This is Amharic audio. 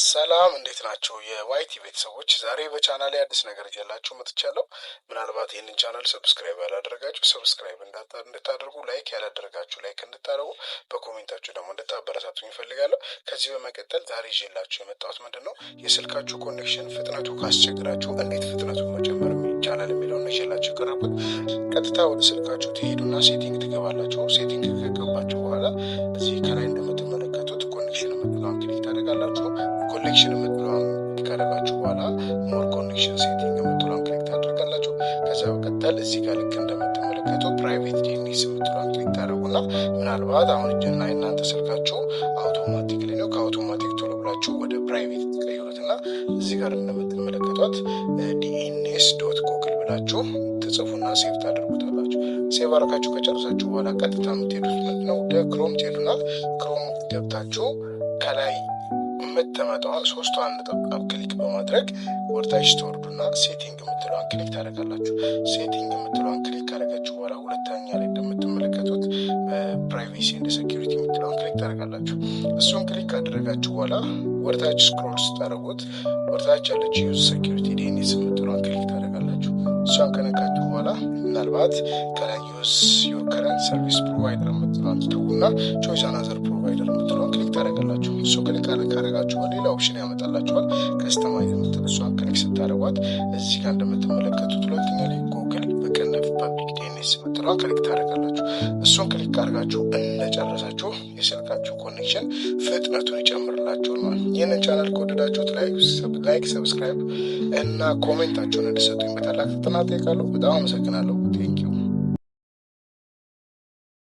ሰላም እንዴት ናቸው? የዋይቲ ቤተሰቦች ዛሬ በቻናል አዲስ ነገር እያላችሁ መጥቻለሁ። ምናልባት ይህንን ቻናል ሰብስክራይብ ያላደረጋችሁ ሰብስክራይብ እንድታደርጉ፣ ላይክ ያላደረጋችሁ ላይክ እንድታደርጉ፣ በኮሜንታችሁ ደግሞ እንድታበረታቱኝ ይፈልጋለሁ። ከዚህ በመቀጠል ዛሬ ይዤላችሁ የመጣሁት ምንድን ነው የስልካችሁ ኮኔክሽን ፍጥነቱ ካስቸግራችሁ እንዴት ፍጥነቱ መጨመር ይቻላል የሚለውን ይዤላችሁ የቀረብኩት። ቀጥታ ወደ ስልካችሁ ትሄዱና ሴቲንግ ትገባላችሁ። ሴቲንግ ከገባችሁ በኋላ እዚህ ከላይ እንደምትመለከቱት ኮኔክሽን የምትለዋን ክሊክ ታደርጋላችሁ። ኮኔክሽን የምትለዋን ካደረጋችሁ በኋላ ሞር ኮኔክሽን ሴቲንግ የምትለዋን ክሊክ ታደርጋላችሁ። ከዚያ በቀጠል እዚህ ጋር ልክ እንደምትመለከተው ፕራይቬት ዲኤንኤስ የምትለዋን ክሊክ ታደረጉና ምናልባት አሁን እጅና እናንተ ስልካችሁ አውቶማቲክ ላይ ከአውቶማቲክ ቶሎ ብላችሁ ወደ ፕራይቬት ትቀይሩትና እዚህ ጋር እንደምትመለከቷት ዲኤንኤስ ዶት ጎግል ብላችሁ ትጽፉና ሴቭ ታደርጉታላችሁ። ሴቭ አርጋችሁ ከጨረሳችሁ በኋላ ቀጥታ የምትሄዱት ምንድነው ወደ ክሮም ትሄዱና ክሮም ገብታችሁ ከላይ የምትመጣዋ አንድ ነጠብጣብ ክሊክ በማድረግ ወደታች ስትወርዱና ሴቲንግ የምትለዋን ክሊክ ታደረጋላችሁ ሴቲንግ የምትለዋን ክሊክ ካደረጋችሁ በኋላ ሁለተኛ ላይ እንደምትመለከቱት ፕራይቬሲ እንደ ሴኪሪቲ የምትለዋን ክሊክ ታደረጋላችሁ እሱን ክሊክ ካደረጋችሁ በኋላ ወደታች ስክሮል ስታደረጉት ወደታች ያለች ዩዝ ሴኪሪቲ ዴኒስ የምትለዋን ክሊክ ታደረጋላችሁ እሷን ከነካችሁ በኋላ ምናልባት ከላይ ዩዝ ዮር ከረንት ሰርቪስ ፕሮቫይደር የምትለዋን ትተውና ቾይስ አናዘር ፕሮቫይደር የምትለዋን ክሊክ ታደረገላችሁ። እሱ ክሊክ ካደረጋችኋል ሌላ ኦፕሽን ያመጣላችኋል። ከስተማይዝ የምትል ክሊክ ስታደረጓት እዚ ጋር እንደምትመለከቱት ሁለተኛ ላይ ጉግል በቀነፍ ፐብሊክ ዲኤንኤስ የምትለዋን ክሊክ ታደረጋላችሁ። እሱን ክሊክ አድርጋችሁ እንደጨረሳችሁ የስልካችሁ ኮኔክሽን ፍጥነቱን ይጨምርላችኋል ማለት ይህንን ቻናል ከወደዳችሁት ላይክ፣ ሰብስክራይብ እና ኮሜንታችሁን እንድሰጡኝ በታላቅ ትናንት ጠይቃለሁ። በጣም አመሰግናለሁ። Thank you.